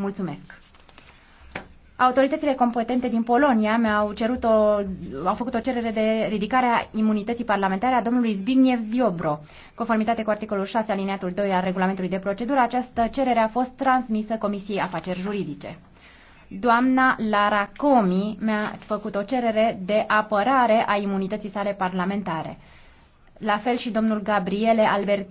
Mulțumesc! Autoritățile competente din Polonia mi-au cerut o, au făcut o cerere de ridicare a imunității parlamentare a domnului Zbigniew Ziobro. Conformitate cu articolul 6 alineatul 2 al regulamentului de procedură, această cerere a fost transmisă Comisiei Afaceri Juridice. Doamna Lara Comi mi-a făcut o cerere de apărare a imunității sale parlamentare. La fel și domnul Gabriele Albert